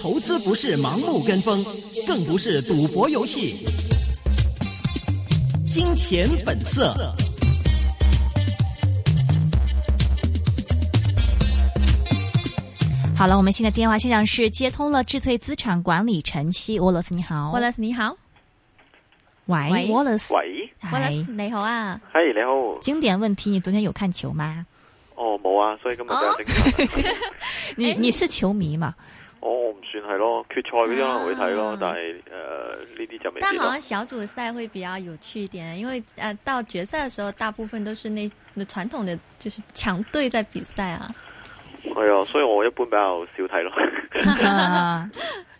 投資不是盲目跟風，更不是賭博遊戲。金錢本色。好了，我們現在電話現場是接通了智退資產管理陳昕沃勒斯，Wallace，你好，沃勒斯你好，喂沃勒斯，喂，沃勒斯你好啊，嗨你好，經典問題，你昨天有看球嗎？哦，冇啊，所以今日比較精彩。你，你是球迷嘛？哦、我我唔算係咯，決賽嗰啲可能會睇咯，啊、但係誒呢啲就未必。但係好像小組賽會比較有趣一點，因為誒、呃、到決賽嘅時候，大部分都是那傳統嘅，就是強隊在比賽啊。係、哎、啊，所以我一般比較少睇咯。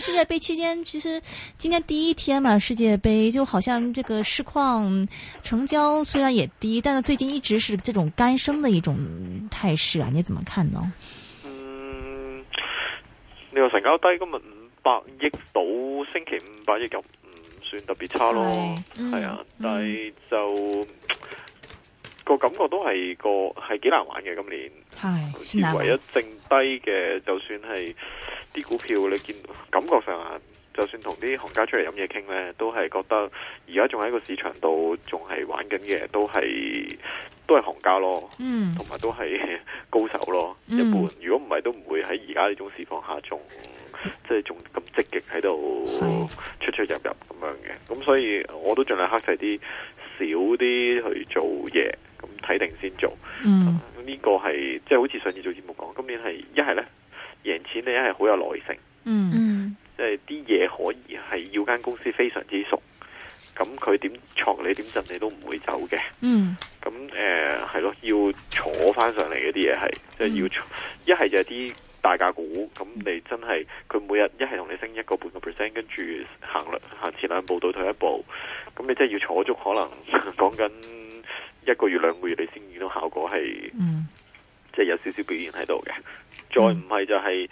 世界杯期間，其實今天第一天嘛，世界杯就好像這個市況成交雖然也低，但是最近一直是這種乾升的一種態勢啊，你怎麼看呢？嗯，你話成交低咁日五百億到星期五百億咁，唔、嗯、算特別差咯，係、嗯、啊，嗯、但係就。個感覺都係個係幾難玩嘅，今年係難玩。唯一剩低嘅，就算係啲股票，你見感覺上，就算同啲行家出嚟飲嘢傾呢，都係覺得而家仲喺個市場度，仲係玩緊嘅，都係都係行家咯。嗯，同埋都係高手咯。一般如果唔係，嗯、都唔會喺而家呢種市況下，仲即係仲咁積極喺度出出入入咁樣嘅。咁所以，我都盡量黑晒啲。少啲去做嘢，咁睇定先做。嗯，嗯，呢個係即係好似上次做節目講，今年係一係呢贏錢，你一係好有耐性。嗯，即係啲嘢，可以係要間公司非常之熟，咁佢點闖你點震你都唔會走嘅。嗯，咁誒係咯，要坐返上嚟嗰啲嘢係，即係、就是、要一係、嗯、就係啲。大價股，咁你真係佢每日一係同你升一個半個 percent，跟住行兩行前兩步到退一步，咁你真係要坐足可能講緊 一個月兩個月你先見到效果係、嗯，即係有少少表現喺度嘅。再唔係就係、是、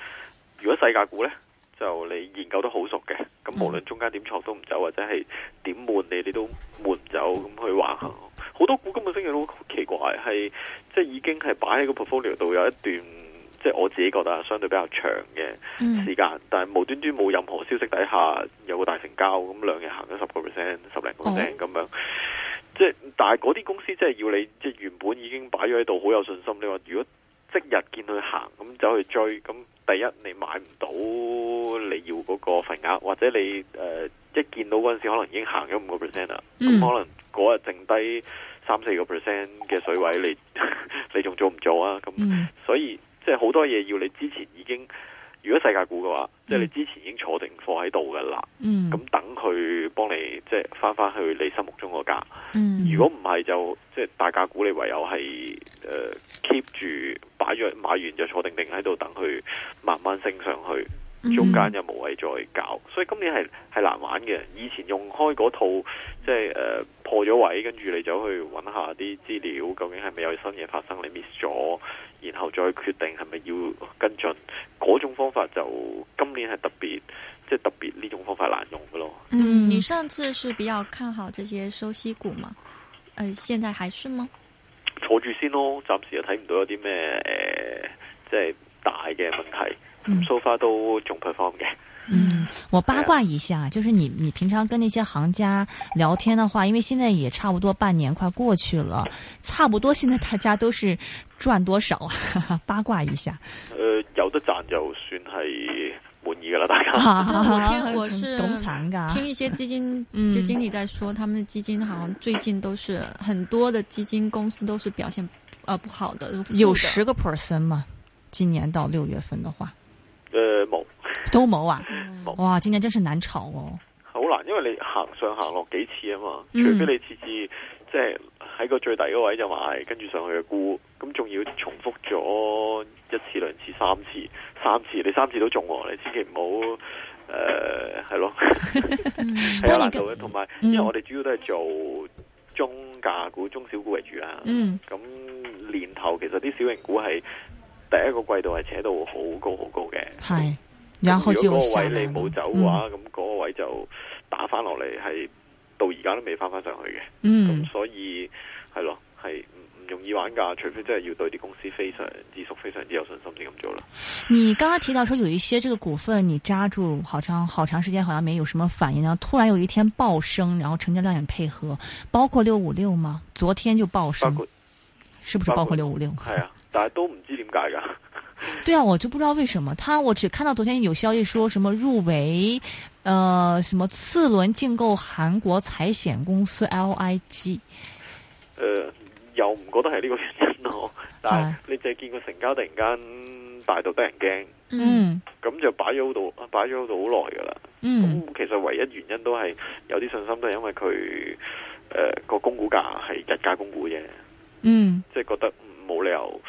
如果細價股呢，就你研究得好熟嘅，咁無論中間點挫都唔走，或者係點悶你你都悶唔走，咁去玩，好多股根本升嘅都好奇怪，係即係已經係擺喺個 portfolio 度有一段。即係我自己覺得相對比較長嘅時間，嗯、但係無端端冇任何消息底下有個大成交，咁兩日行咗十個 percent 十零個 percent 咁樣。即係，但係嗰啲公司即係要你，即係原本已經擺咗喺度好有信心。你話如果即日見佢行，咁走去追，咁第一你買唔到你要嗰個份額，或者你誒、呃、一見到嗰陣時可能已經行咗五個 percent 啦，咁、嗯、可能嗰日剩低三四個 percent 嘅水位，你 你仲做唔做啊？咁、嗯、所以。即係好多嘢要你之前已經，如果細價股嘅話，嗯、即係你之前已經坐定貨喺度嘅啦。咁等佢幫你即係翻翻去你心目中個價。如果唔係就即係大價股，你唯有係、呃、keep 住擺若買完就坐定定喺度等佢慢慢升上去。中間又無謂再搞，所以今年係係難玩嘅。以前用開嗰套，即係誒、呃、破咗位，跟住你走去揾下啲資料，究竟係咪有新嘢發生？你 miss 咗，然後再決定係咪要跟進。嗰種方法就今年係特別，即係特別呢種方法難用噶咯。嗯，你上次是比較看好這些收息股嘛？誒、呃，現在還是嗎？坐住先咯，暫時又睇唔到有啲咩誒，即係大嘅問題。so far 都仲開放嘅。嗯，我八卦一下，就是你你平常跟那些行家聊天的話，因為現在也差不多半年快過去了，差不多現在大家都是賺多少？呵呵八卦一下。呃，有得賺就算係滿意噶啦，大家。我聽我是聽一些基金就經理在說，他們的基金好像最近都是很多的基金公司都是表現呃不好的。有十個 percent 嘛？今年到六月份的話。誒、呃，冇都冇啊！哇，今年真係難炒哦！好難，因為你行上行落幾次啊嘛，除非你次次即係喺個最低嗰位就買，跟住上去嘅估，咁仲要重複咗一次、兩次、三次、三次，你三次都中喎，你千祈唔好誒，係、呃、咯，係 啊， 難嘅。同埋，因為我哋主要都係做中價股、嗯、中小股為主啊。嗯，咁年頭其實啲小型股係。第一個季度係扯到好高好高嘅，係、嗯，如果嗰個位你冇走嘅話，咁、嗯、嗰個位就打翻落嚟，係到而家都未翻翻上去嘅、嗯。嗯，所以係咯，係唔唔容易玩噶，除非真係要對啲公司非常之熟，非常之有信心先咁做啦。你剛剛提到說有一些這個股份你揸住好長好長時間，好像沒有什麼反應，然後突然有一天暴升，然後成交量也配合，包括六五六嗎？昨天就暴升，是不是包括六五六？係啊。但係都唔知點解噶，對啊，我就不知道為什麼。他我只看到昨天有消息說什麼入圍，呃，什麼次輪競購韓國財險公司 LIG。呃，又唔覺得係呢個原因咯，但係你淨係見過成交突然間大到得人驚，嗯，咁就擺咗度，擺咗度好耐噶啦，嗯，咁其實唯一原因都係有啲信心都係因為佢，誒個供股價係日價供股啫，嗯，即係覺得。冇理由，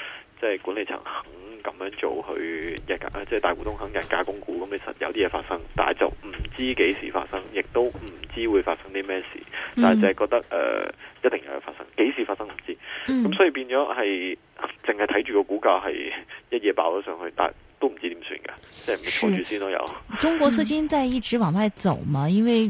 即係管理層肯咁樣做去溢價，即係大股東肯溢價供股，咁其實有啲嘢發生，但係就唔知幾時發生，亦都唔知會發生啲咩事，但係就係覺得誒、嗯呃，一定有嘢發生，幾時發生唔知，咁、嗯嗯、所以變咗係淨係睇住個股價係一夜爆咗上去，但係都唔知點算嘅，即係唔坐住先都有。 中國資金在一直往外走嘛，因為。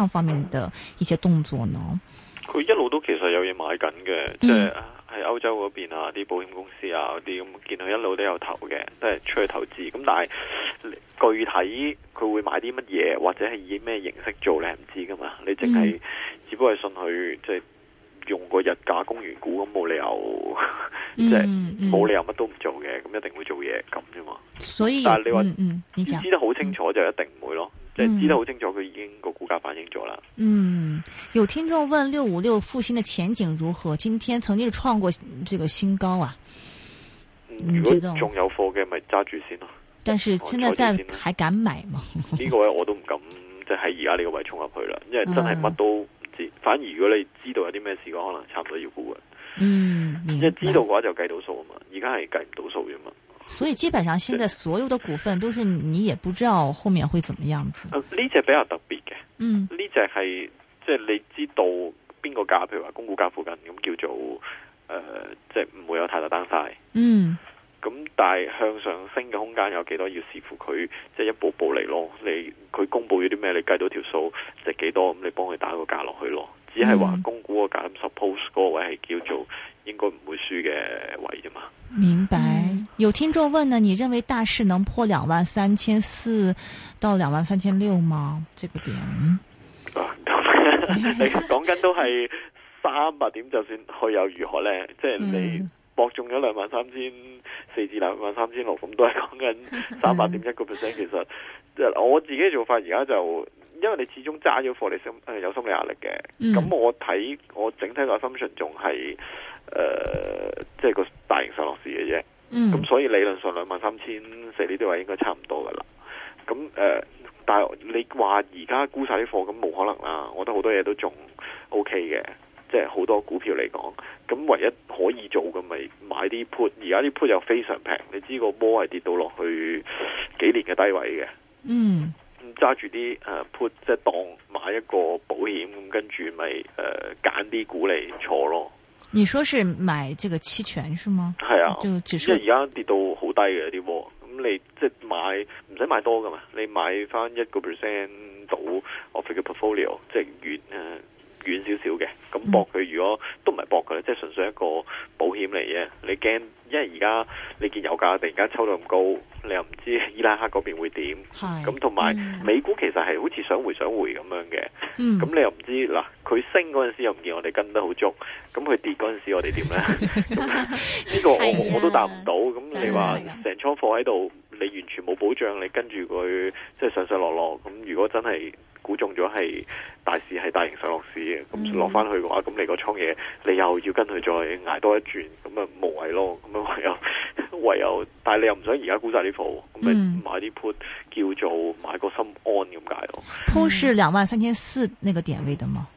方面的一些動作呢？佢一路都其實有嘢買緊嘅、嗯，即係喺歐洲嗰邊啊，啲保險公司啊嗰啲咁，見到一路都有投嘅，都係出去投資。咁但係具體佢會買啲乜嘢，或者係以咩形式做，你唔知噶嘛？你淨係、嗯、只不過係信佢，即係用個日價公完股咁，冇理由，即係冇理由乜都唔做嘅，咁、嗯、一定會做嘢咁啫嘛。所以，但係你話、嗯嗯，你知得好清楚、嗯、就一定唔會咯。即、嗯、係、就是、知得好清楚，佢已經個股價反映咗啦。嗯，有聽眾問六五六復星嘅前景如何？今天曾經係創過呢個新高啊。如果仲有貨嘅，咪揸住先咯。但是現在在還敢買嘛。呢、這個位我都唔敢，即係而家呢個位衝入去啦，因為真係乜都唔知、嗯。反而如果你知道有啲咩事嘅，可能差唔多要沽嘅。嗯，一知道嘅話就計到數啊嘛，而家係計唔到數啫嘛。所以基本上，現在所有的股份都是你也不知道後面會怎麼樣子。呢、嗯、隻、嗯、比較特別嘅，嗯，呢隻係即係你知道邊個價，譬如話公股價附近咁叫做誒，即係唔會有太大單晒。嗯，咁但係向上升嘅空間有幾多少，要視乎佢即係一步一步嚟咯。你佢公布咗啲咩，你計到條數值幾多，咁你幫佢打個價落去咯。只係話公股個價，suppose 嗰、嗯嗰個位係叫做應該唔會輸嘅位啫嘛。明白。嗯有聽眾問呢，你認為大市能破兩萬三千四到兩萬三千六嗎？這個點，講 緊 都係三百點，就算去又如何呢？即、嗯、係、就是、你搏中咗兩萬三千四至兩萬三千六，咁都係講緊三百點一個 percent。其實，即係我自己做法而家就，因為你始終揸咗貨，你心有心理壓力嘅。咁、嗯、我睇我整體個 information 仲係誒，即、呃、係、就是、個大型上落市嘅啫。嗯，咁所以理論上兩萬三千四呢啲位應該差唔多噶啦。咁誒、呃，但係你話而家沽晒啲貨，咁冇可能啦！我覺得好多嘢都仲 O K 嘅，即係好多股票嚟講。咁唯一可以做嘅咪買啲 put，而家啲 put 又非常平。你知個波係跌到落去幾年嘅低位嘅，嗯，揸住啲誒 put 即係當買一個保險，咁跟住咪誒揀啲股嚟坐咯。你說是買這個期權是嗎？係啊，就只是即係而家跌到好低嘅有啲窩，咁你即係、就是、買唔使買多噶嘛，你買翻一個 percent of 度，我叫個 portfolio，即係月。誒。遠少少嘅，咁博佢如果都唔係博佢，即係純粹一個保險嚟嘅。你驚，因為而家你見油價突然間抽到咁高，你又唔知伊拉克嗰邊會點。係咁，同埋美股其實係好似想回想回咁樣嘅。嗯，咁你又唔知嗱，佢升嗰陣時又唔見我哋跟得好足，咁佢跌嗰陣時我哋點呢？呢個我我都答唔到。咁你話成倉貨喺度？你完全冇保障，你跟住佢即係上上落落。咁如果真係估中咗係大市係大型上落市嘅，咁落翻去嘅話，咁、嗯、你個倉嘢你又要跟佢再捱多一轉，咁啊無謂咯。咁啊唯有唯有，唯有，但係你又唔想而家沽晒呢鋪，咁咪買啲 put 叫做買個心安咁解咯。put 是兩萬三千四那個點位得嘛？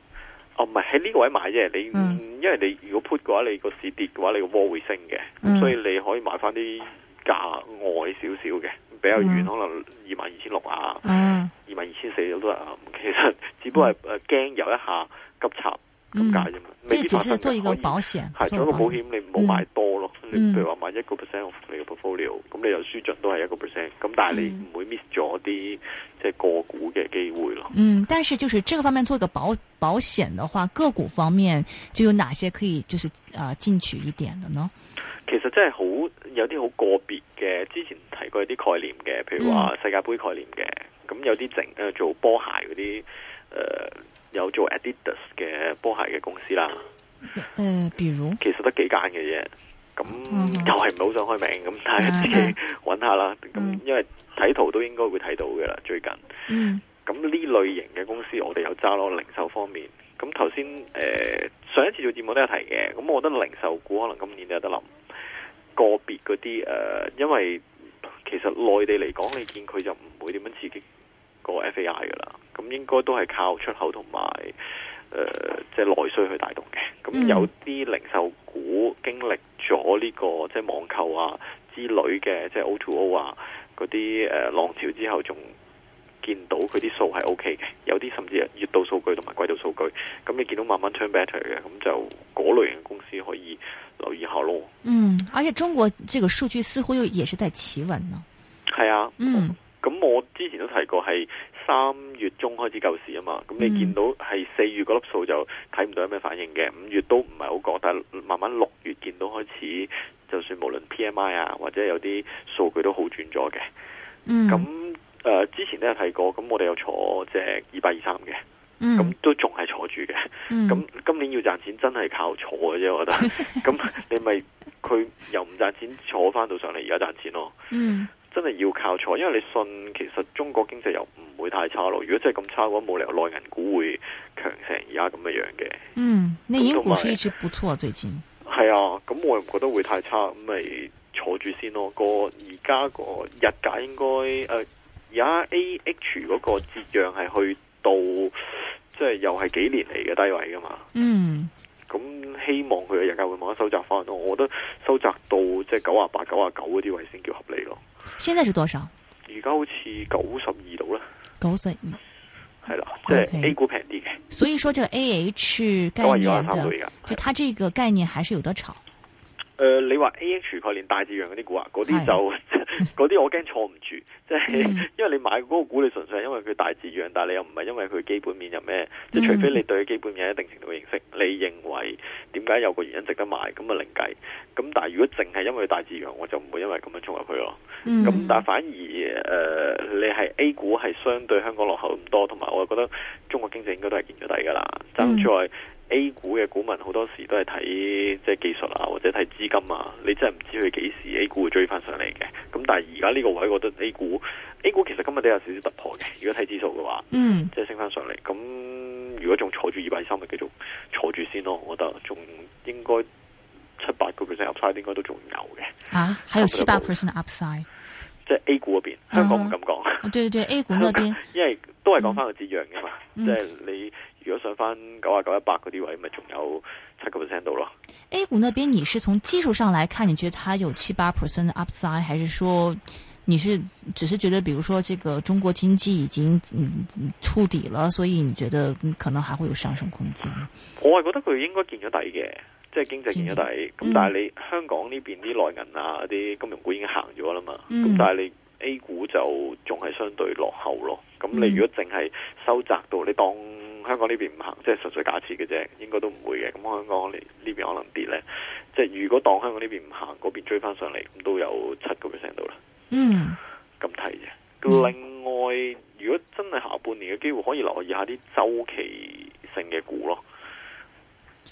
哦、嗯，唔係喺呢個位買啫。你、嗯、因為你如果 put 嘅話，你個市跌嘅話，你個窩會升嘅、嗯，所以你可以買翻啲。價外少少嘅，比較遠、嗯，可能二萬二千六啊，二萬二千四都得、嗯。其實只不過係誒驚有一下急插咁解啫嘛。即、嗯、係、嗯、只是做一個保險，係做一個保險，你唔好買多咯。嗯、你譬如話買 of、嗯嗯、一個 percent 你嘅 portfolio，咁你又輸盡都係一個 percent。咁但係你唔會 miss 咗啲即係個股嘅機會咯。嗯，但是就是呢個方面做一個保保險的話，個股方面就有哪些可以就是啊進、呃、取一點嘅呢？其實真係好有啲好個別嘅，之前提過一啲概念嘅，譬如話世界杯概念嘅，咁、嗯、有啲整誒做波鞋嗰啲，誒、呃、有做 Adidas 嘅波鞋嘅公司啦。誒、呃，如其實都幾間嘅啫，咁、嗯、又係唔好想開名，咁大家自己揾下啦。咁、嗯、因為睇圖都應該會睇到嘅啦，最、嗯、近。咁呢類型嘅公司，我哋有揸咯。零售方面，咁頭先誒上一次做節目都有提嘅，咁我覺得零售股可能今年都有得諗。個別嗰啲、呃、因為其實內地嚟講，你見佢就唔會點樣刺激個 FAI 噶啦。咁應該都係靠出口同埋即係內需去帶動嘅。咁有啲零售股經歷咗呢、這個即係、就是、網購啊之類嘅，即、就、係、是、O to O 啊嗰啲、呃、浪潮之後，仲見到佢啲數係 OK 嘅。有啲甚至月度數據同埋季度數據，咁你見到慢慢 turn better 嘅，咁就嗰類型嘅公司可以，留意下咯，嗯，而且中國這個數據似乎又也是在企穩呢，係啊，嗯，咁、嗯、我之前都提過係三月中開始救市啊嘛，咁你見到係四月嗰粒數就睇唔到有咩反應嘅，五月都唔係好過，但係慢慢六月見到開始，就算無論 P M I 啊或者有啲數據都好轉咗嘅，嗯，咁、嗯、誒、呃、之前都有提過，咁我哋有坐即係二百二三嘅。咁、嗯、都仲係坐住嘅，咁、嗯、今年要賺錢真係靠坐嘅啫，我覺得。咁 你咪佢又唔賺錢，坐翻到上嚟，而家賺錢咯。嗯，真係要靠坐，因為你信其實中國經濟又唔會太差咯。如果真係咁差嘅話，冇理由內銀股會強成而家咁嘅樣嘅。嗯，內銀股係一直不錯，啊，最近。係啊，咁我又唔覺得會太差，咁咪坐住先咯。呃 AH、個而家個日價應該誒，而家 A H 嗰個折讓係去到。即係又係幾年嚟嘅低位噶嘛？嗯，咁、嗯、希望佢日間會慢慢收窄翻咯。我覺得收窄到即係九啊八、九啊九嗰啲位先叫合理咯。現在是多少？而家好似九十二度啦，九十二係啦，即、okay. 係 A 股平啲嘅。所以說，這個 A H 概念的，就它這個概念還是有得炒。誒、呃，你話 A H 概念大資源嗰啲股啊，嗰啲就。 嗰啲 我驚坐唔住，即、就、係、是、因為你買嗰個股，你純粹係因為佢大字樣，但係又唔係因為佢基本面有咩，即、嗯、除非你對佢基本面一定程度認識，你認為點解有個原因值得買，咁啊另計。咁但係如果淨係因為它大字樣，我就唔會因為咁樣衝入去咯。咁、嗯、但係反而誒、呃，你係 A 股係相對香港落後咁多，同埋我又覺得中國經濟應該都係見咗底噶啦，爭、嗯、在。A 股嘅股民好多時都係睇，即係技術啊，或者睇資金啊，你真係唔知佢幾時 A 股會追翻上嚟嘅。咁但係而家呢個位，我覺得 A 股 A 股其實今日都有少少突破嘅。如果睇指數嘅話，嗯，即係升翻上嚟。咁如果仲坐住二百三，咪繼續坐住先咯。我覺得仲應該七八個 percent upside 應該都仲有嘅。啊，還有七八 percent upside，即係 A 股嗰邊、嗯，香港唔敢講、嗯。對對，對 A 股邊，因為都係講翻個折讓嘅嘛，即係你。如果上翻九啊九一百嗰啲位，咪仲有七個 percent 到咯。A 股那邊，你是從技術上來看，你覺得它有七八 percent 的 upside，還是說你是只是覺得，比如說這個中國經濟已經嗯、觸底了，所以你覺得可能還會有上升空間？我係覺得佢應該見咗底嘅，即、就、係、是、經濟見咗底。咁、嗯、但係你香港呢邊啲內銀啊、啲金融股已經行咗啦嘛。咁、嗯、但係你 A 股就仲係相對落後咯。咁你如果淨係收窄到你當。香港呢邊唔行，即係純粹假設嘅啫，應該都唔會嘅。咁香港呢邊可能跌咧，即係如果當香港呢邊唔行，嗰邊追翻上嚟，咁都有七個 percent 到啦。嗯，咁睇嘅。另外，如果真係下半年嘅機會，可以留意一下啲周期性嘅股咯，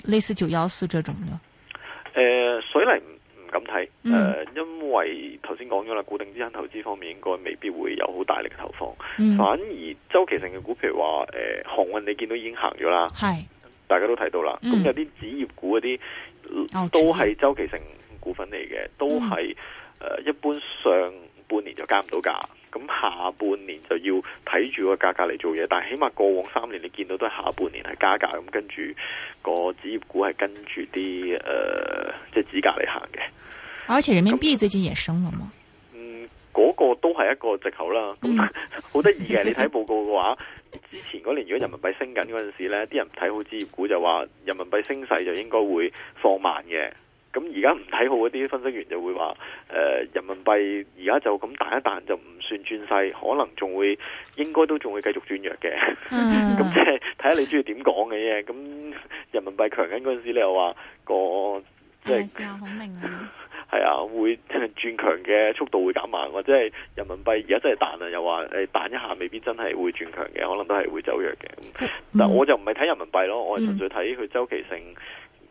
類似九幺四這種嘅。誒、呃，水泥。咁睇，誒、呃，因為頭先講咗啦，固定資產投資方面應該未必會有好大力嘅投放，嗯，反而周期性嘅股，譬如話，誒、呃，航運，你見到已經行咗啦，係，大家都睇到啦，咁、嗯、有啲紙業股嗰啲，呃，都係周期性股份嚟嘅，都係，誒、呃，一般上半年就加唔到價。咁下半年就要睇住個價格嚟做嘢，但係起碼過往三年你見到都係下半年係加價咁，跟住個指業股係跟住啲誒，即、呃、係、即係、指價嚟行嘅。而且人民幣最近也升了嗎？那嗯，嗰、嗰個都係一個借口啦。嗯，好得意嘅，你睇報告嘅話，之前嗰年如果人民幣升緊嗰陣時呢，啲人唔睇好指業股就話，人民幣升勢就應該會放慢嘅。咁而家唔睇好嗰啲分析員就會話：誒、呃，人民幣而家就咁彈一彈就唔算轉勢，可能仲會應該都仲會繼續轉弱嘅。咁即係睇下你中意點講嘅啫。咁人民幣強緊嗰陣時，你又話個即係，啊、係啊，好明係會轉強嘅速度會減慢，或者係人民幣而家真係彈啊，又話彈一下，未必真係會轉強嘅，可能都係會走弱嘅，嗯。但我就唔係睇人民幣咯，我係純粹睇佢周期性。嗯。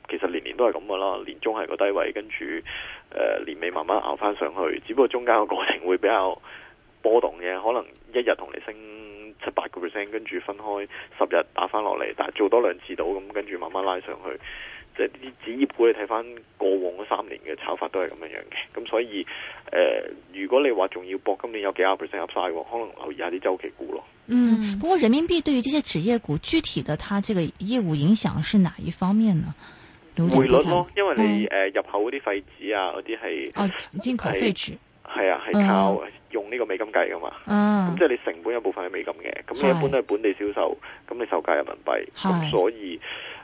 其實年年都係咁噶啦，年中係個低位，跟住誒、呃、年尾慢慢熬翻上去。只不過中間個過程會比較波動嘅，可能一日同你升七八個 percent，跟住分開十日打翻落嚟，但係做多兩次到咁，跟住慢慢拉上去。即係啲紙業股你睇翻過往三年嘅炒法都係咁樣樣嘅。咁、嗯、所以誒、呃，如果你話仲要搏今年有幾廿 percent upside，可能留意一下啲周期股咯。嗯，不過人民幣對於這些紙業股具體的，它這個業務影響是哪一方面呢？匯率咯，因為你誒、嗯、入口嗰啲、啊哦、廢紙啊嗰啲係哦，紙廢紙係啊，係靠用呢個美金計噶嘛，咁即係你成本一部分係美金嘅，咁你一般都係本地銷售，咁你售價人民幣，咁所以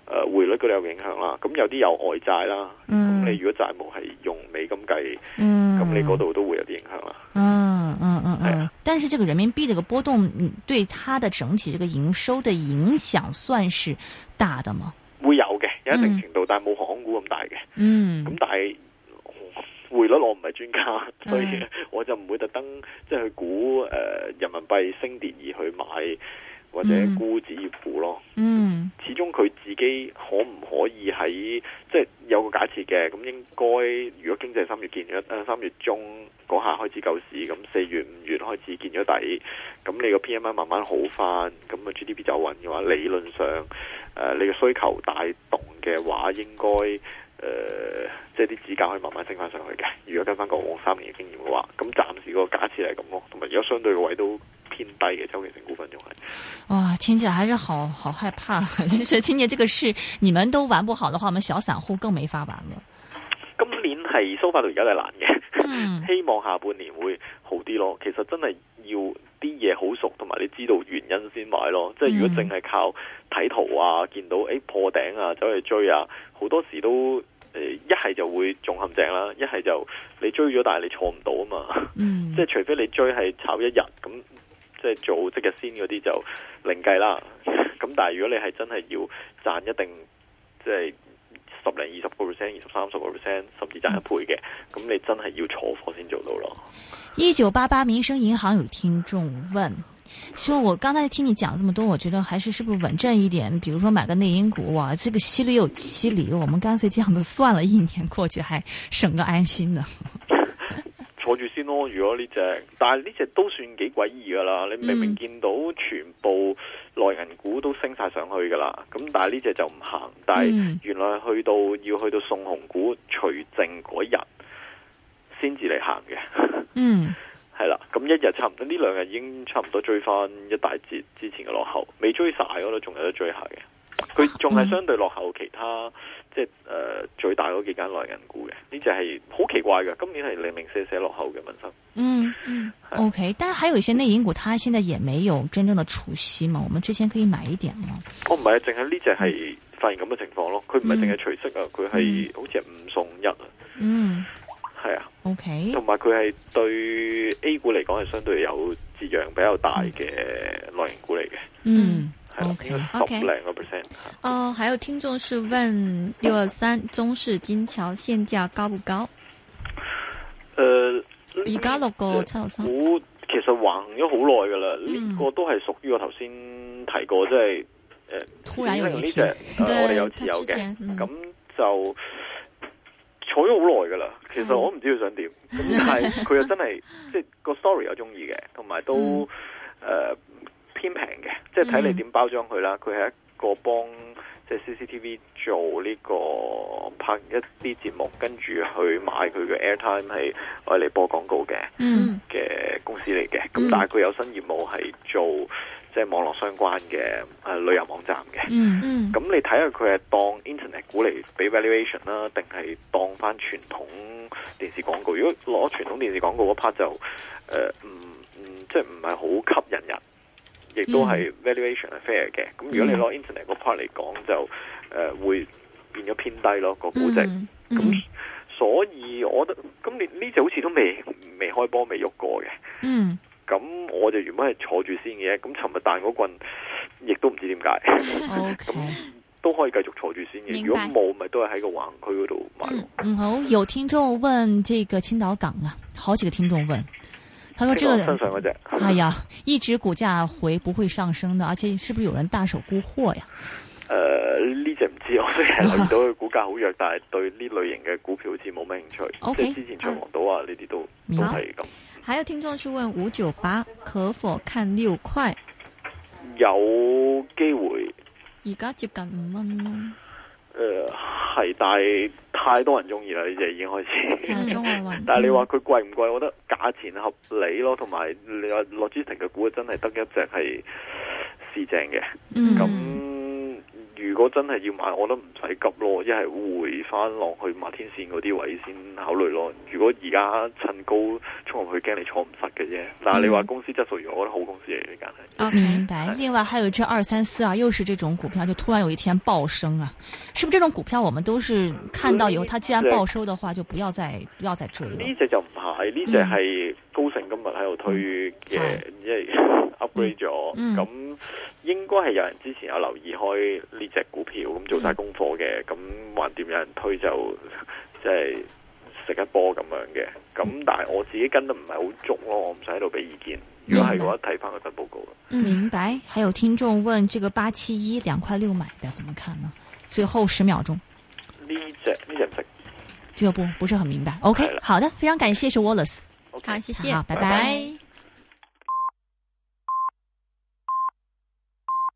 誒匯、呃、率嗰度有影響啦。咁有啲有外債啦，咁、嗯、你如果債務係用美金計，咁、嗯、你嗰度都會有啲影響啦。嗯嗯嗯嗯，係啊，啊，啊，啊。但是這個人民幣呢個波動，對它的整體這個營收的影響，算是大的嗎？一、嗯、定程度，但係冇港股咁大嘅。咁、嗯、但係匯率我唔係專家，所以我就唔會特登即係去估誒、呃、人民幣升跌而去買。或者股指股咯，嗯、mm. mm.，始終佢自己可唔可以喺即係有個假設嘅，咁應該如果經濟三月見咗，誒、呃、三月中嗰下、那個、開始救市，咁四月五月開始見咗底，咁你個 P M I 慢慢好翻，咁啊 G D P 走穩嘅話，理論上誒、呃、你嘅需求帶動嘅話，應該誒即係啲指價可以慢慢升翻上去嘅。如果跟翻過往三年嘅經驗嘅話，咁暫時那個假設係咁咯，同埋而家相對個位置都。偏低嘅，周其成股份仲係。哇，今姐還是好好害怕，呵呵，所以今年這個事，你們都玩不好的話，我們小散戶更沒法玩了。今年係收翻到而家都係難嘅、嗯，希望下半年會好啲咯。其實真係要啲嘢好熟，同埋你知道原因先買咯。即係如果淨係靠睇圖啊，見到誒、欸、破頂啊，走去追啊，好多時都誒一係就會中陷阱，啦、啊，一係就你追咗，但係你坐唔到啊嘛。嗯、即係除非你追係炒一日咁。嗯即係做即日先嗰啲就另計啦。咁但係如果你係真係要賺一定即係十零二十個 percent、二十三十個 percent 甚至賺一倍嘅，咁你真係要坐貨先做到咯。一九八八，民生銀行有聽眾問，說我剛才聽你講咁多，我覺得還是是不是穩陣一點，比如說買個內銀股，哇，這個息率有七厘，我們乾脆這樣子算了，一年過去還省個安心呢。坐住先咯，如果呢隻，但係呢隻都算幾詭異噶啦，你明明見到全部內銀股都升晒上去噶啦，咁但係呢隻就唔行，但係原來去到要去到送紅股除淨嗰日，先至嚟行嘅。嗯 係啦，咁一日差唔多，呢兩日已經差唔多追翻一大截之前嘅落後，未追晒我都仲有得追下嘅。佢仲係相對落後其他、嗯、即係誒、呃、最大嗰幾間內銀股嘅呢隻係好奇怪嘅，今年係零零四舍落後嘅民生。嗯嗯，OK，但係還有一些內銀股，它現在也沒有真正的除息嘛？我們之前可以買一點嘛？哦，唔係啊，淨係呢隻係發現咁嘅情況咯。佢唔係淨係除息啊，佢、嗯、係好似係五送一啊。嗯，係啊。OK，同埋佢係對 A 股嚟講係相對有折讓比較大嘅內銀股嚟嘅。嗯。嗯。O K O K 哦，uh, 還有聽眾是問六二三中式金橋現價高不高？誒、呃，而家六個七毫三好，其實橫咗好耐噶啦。呢、嗯、個都係屬於我頭先提過，即係誒、呃，突然有呢隻、這個，我哋有自嘅，咁、嗯、就坐咗好耐噶啦。其實我唔知佢想點，但係佢又真係 即係個 story 我中意嘅，同埋都誒。嗯呃偏平嘅，即係睇你點包裝佢啦。佢、mm. 係一個幫即係 CCTV 做呢、這個拍一啲節目，跟住去買佢嘅 airtime 係愛嚟播廣告嘅，嘅公司嚟嘅。咁、mm. 但係佢有新業務係做即係、就是、網絡相關嘅誒、呃、旅遊網站嘅。咁、mm. 你睇下佢係當 internet 股嚟俾 valuation 啦，定係當翻傳統電視廣告？如果攞傳統電視廣告嗰 part 就誒唔唔，即係唔係好吸引人。亦都係 valuation 係 fair 嘅，咁、嗯、如果你攞 internet 個 part 嚟講就誒、呃、會變咗偏低咯個估值，咁、嗯嗯、所以我覺得咁你呢隻好似都未未開波未喐過嘅，咁、嗯、我就原本係坐住先嘅，咁尋日彈嗰棍亦都唔知點解，咁、okay, 嗯、都可以繼續坐住先嘅，如果冇咪都係喺個橫區嗰度買。嗯，好，有聽眾問這個青島港啊，好幾個聽眾問。他說：，這個，哎呀，一, uh, 一直股價回不會上升的，而且是不是有人大手沽貨呀？誒、uh,，呢隻唔知，我最近留意到股價好弱，yeah. 但係對呢類型嘅股票好似冇咩興趣。O、okay. K，之前長王島啊，呢、uh. 啲都都係咁。還有聽眾去問五九八可否看六塊？有機會。而家接近五蚊。誒、uh.。係，但係太多人中意啦，呢隻已經開始。但係你話佢貴唔貴？我覺得價錢合理咯，同埋你話諾基特嘅股真係得一隻係市正嘅，咁、嗯。如果真係要買，我都唔使急咯，一係回翻落去馬天線嗰啲位先考慮咯。如果而家趁高衝入去，驚你錯唔實嘅啫。但係你話公司質素如何，我覺得好公司嚟呢間。啊，明白。另外，還有一隻二三四啊，又是這種股票，就突然有一天暴升啊，是不是？這種股票我們都是看到以後，它既然暴收的話，就不要再不要再追。呢隻就唔係。係呢隻係高盛今日喺度推嘅，即、嗯、係 upgrade 咗。咁、嗯嗯、應該係有人之前有留意開呢隻股票，咁做晒功課嘅。咁橫掂有人推就即係食一波咁樣嘅。咁、嗯、但係我自己跟得唔係好足咯，我唔使喺度俾意見。嗯、如果係嘅話，睇翻佢份報告啦、嗯嗯。明白。還有聽眾問，這個八七一兩塊六買的，怎麼看呢？最後十秒鐘。呢隻呢隻唔識。這個這個不不是很明白。OK，好的，非常感謝，是 Wallace。Okay，好，謝謝，好，拜拜。拜拜。